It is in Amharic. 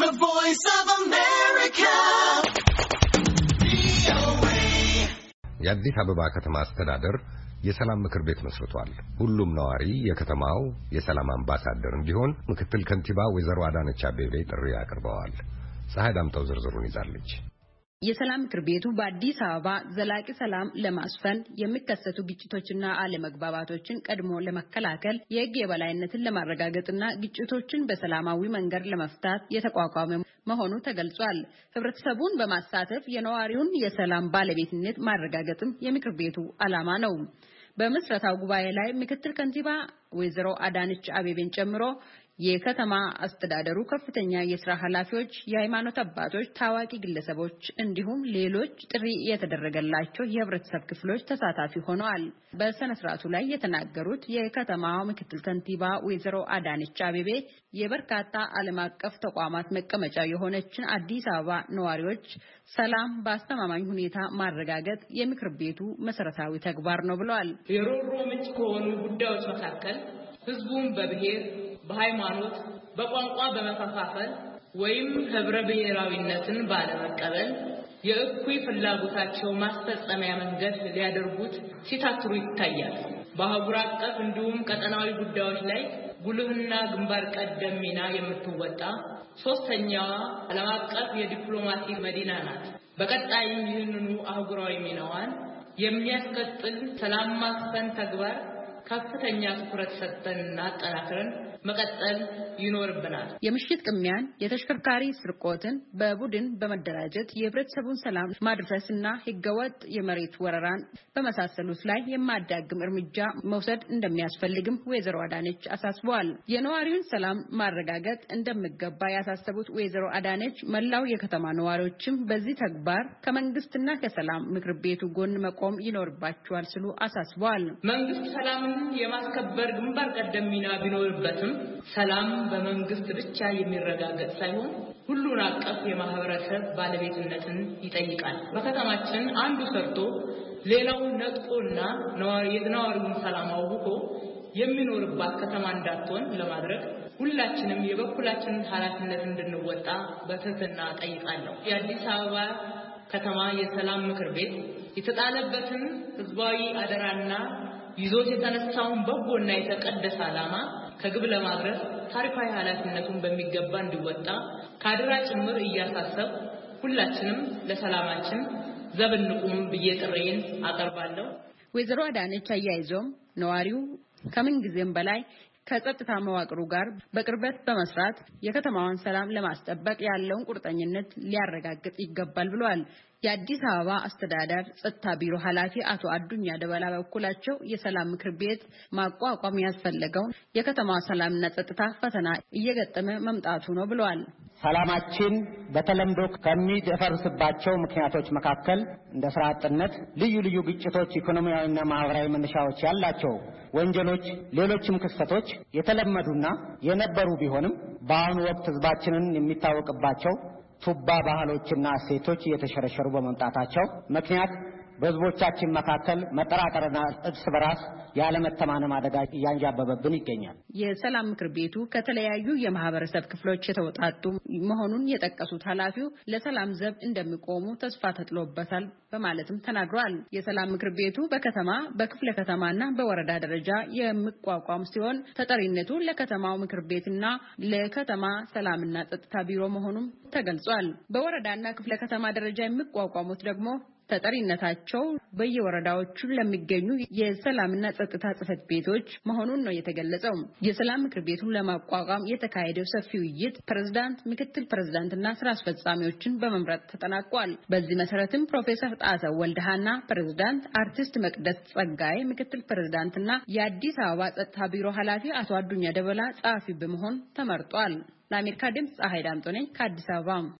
The Voice of America. የአዲስ አበባ ከተማ አስተዳደር የሰላም ምክር ቤት መስርቷል። ሁሉም ነዋሪ የከተማው የሰላም አምባሳደር እንዲሆን ምክትል ከንቲባ ወይዘሮ አዳነች አቤቤ ጥሪ አቅርበዋል። ፀሐይ ዳምጠው ዝርዝሩን ይዛለች። የሰላም ምክር ቤቱ በአዲስ አበባ ዘላቂ ሰላም ለማስፈን የሚከሰቱ ግጭቶችና አለመግባባቶችን ቀድሞ ለመከላከል የሕግ የበላይነትን ለማረጋገጥና ግጭቶችን በሰላማዊ መንገድ ለመፍታት የተቋቋመ መሆኑ ተገልጿል። ህብረተሰቡን በማሳተፍ የነዋሪውን የሰላም ባለቤትነት ማረጋገጥም የምክር ቤቱ ዓላማ ነው። በምስረታው ጉባኤ ላይ ምክትል ከንቲባ ወይዘሮ አዳነች አቤቤን ጨምሮ የከተማ አስተዳደሩ ከፍተኛ የስራ ኃላፊዎች፣ የሃይማኖት አባቶች፣ ታዋቂ ግለሰቦች እንዲሁም ሌሎች ጥሪ የተደረገላቸው የህብረተሰብ ክፍሎች ተሳታፊ ሆነዋል። በሰነ ስርዓቱ ላይ የተናገሩት የከተማው ምክትል ከንቲባ ወይዘሮ አዳነች አቤቤ የበርካታ ዓለም አቀፍ ተቋማት መቀመጫ የሆነችን አዲስ አበባ ነዋሪዎች ሰላም በአስተማማኝ ሁኔታ ማረጋገጥ የምክር ቤቱ መሰረታዊ ተግባር ነው ብለዋል። የሮሮ ምንጭ ከሆኑ ጉዳዮች መካከል ህዝቡን በብሔር በሃይማኖት፣ በቋንቋ በመከፋፈል ወይም ህብረ ብሔራዊነትን ባለመቀበል የእኩይ ፍላጎታቸው ማስፈጸሚያ መንገድ ሊያደርጉት ሲታትሩ ይታያል። በአህጉር አቀፍ እንዲሁም ቀጠናዊ ጉዳዮች ላይ ጉልህና ግንባር ቀደም ሚና የምትወጣ ሶስተኛዋ ዓለም አቀፍ የዲፕሎማሲ መዲና ናት። በቀጣይም ይህንኑ አህጉራዊ ሚናዋን የሚያስቀጥል ሰላም ማስፈን ተግባር ከፍተኛ ትኩረት ሰጥተንና አጠናክረን መቀጠል ይኖርብናል። የምሽት ቅሚያን፣ የተሽከርካሪ ስርቆትን፣ በቡድን በመደራጀት የህብረተሰቡን ሰላም ማድረስና ህገወጥ የመሬት ወረራን በመሳሰሉት ላይ የማዳግም እርምጃ መውሰድ እንደሚያስፈልግም ወይዘሮ አዳነች አሳስበዋል። የነዋሪውን ሰላም ማረጋገጥ እንደሚገባ ያሳሰቡት ወይዘሮ አዳነች መላው የከተማ ነዋሪዎችም በዚህ ተግባር ከመንግስትና ከሰላም ምክር ቤቱ ጎን መቆም ይኖርባቸዋል ሲሉ አሳስበዋል። መንግስት ሰላም የማስከበር ግንባር ቀደም ሚና ቢኖርበትም ሰላም በመንግስት ብቻ የሚረጋገጥ ሳይሆን ሁሉን አቀፍ የማህበረሰብ ባለቤትነትን ይጠይቃል። በከተማችን አንዱ ሰርቶ ሌላው ነጥቆና የነዋሪውን ሰላም አውቆ የሚኖርባት ከተማ እንዳትሆን ለማድረግ ሁላችንም የበኩላችንን ኃላፊነት እንድንወጣ በትህትና ጠይቃለሁ። የአዲስ አበባ ከተማ የሰላም ምክር ቤት የተጣለበትን ህዝባዊ አደራና ይዞት የተነሳውን በጎና የተቀደሰ ዓላማ ከግብ ለማድረስ ታሪካዊ ኃላፊነቱን በሚገባ እንዲወጣ ከአደራ ጭምር እያሳሰብ ሁላችንም ለሰላማችን ዘብ እንቁም ብዬ ጥሬን አቀርባለሁ። ወይዘሮ አዳነች አያይዞም ነዋሪው ከምን ጊዜም በላይ ከጸጥታ መዋቅሩ ጋር በቅርበት በመስራት የከተማዋን ሰላም ለማስጠበቅ ያለውን ቁርጠኝነት ሊያረጋግጥ ይገባል ብለዋል። የአዲስ አበባ አስተዳደር ጸጥታ ቢሮ ኃላፊ አቶ አዱኛ ደበላ በበኩላቸው የሰላም ምክር ቤት ማቋቋም ያስፈለገውን የከተማዋ ሰላምና ጸጥታ ፈተና እየገጠመ መምጣቱ ነው ብለዋል። ሰላማችን በተለምዶ ከሚደፈርስባቸው ምክንያቶች መካከል እንደ ስራ አጥነት፣ ልዩ ልዩ ግጭቶች፣ ኢኮኖሚያዊና ማህበራዊ መነሻዎች ያላቸው ወንጀሎች፣ ሌሎችም ክስተቶች የተለመዱና የነበሩ ቢሆንም በአሁኑ ወቅት ህዝባችንን የሚታወቅባቸው ቱባ ባህሎችና እሴቶች እየተሸረሸሩ በመምጣታቸው ምክንያት በህዝቦቻችን መካከል መጠራጠርና እርስ በራስ ያለመተማመን አደጋ እያንዣበበብን ይገኛል። የሰላም ምክር ቤቱ ከተለያዩ የማህበረሰብ ክፍሎች የተውጣጡ መሆኑን የጠቀሱት ኃላፊው ለሰላም ዘብ እንደሚቆሙ ተስፋ ተጥሎበታል በማለትም ተናግሯል። የሰላም ምክር ቤቱ በከተማ በክፍለ ከተማና በወረዳ ደረጃ የሚቋቋም ሲሆን ተጠሪነቱ ለከተማው ምክር ቤትና ለከተማ ሰላምና ጸጥታ ቢሮ መሆኑም ተገልጿል። በወረዳና ክፍለ ከተማ ደረጃ የሚቋቋሙት ደግሞ ተጠሪነታቸው በየወረዳዎቹ ለሚገኙ የሰላምና ጸጥታ ጽህፈት ቤቶች መሆኑን ነው የተገለጸው። የሰላም ምክር ቤቱን ለማቋቋም የተካሄደው ሰፊ ውይይት ፕሬዝዳንት፣ ምክትል ፕሬዝዳንትና ስራ አስፈጻሚዎችን በመምረጥ ተጠናቋል። በዚህ መሰረትም ፕሮፌሰር ጣሰው ወልደሃና ፕሬዝዳንት፣ አርቲስት መቅደስ ጸጋዬ ምክትል ፕሬዝዳንትና የአዲስ አበባ ጸጥታ ቢሮ ኃላፊ አቶ አዱኛ ደበላ ጸሐፊ በመሆን ተመርጧል። ለአሜሪካ ድምፅ ፀሐይ ዳምጦ ነኝ ከአዲስ አበባ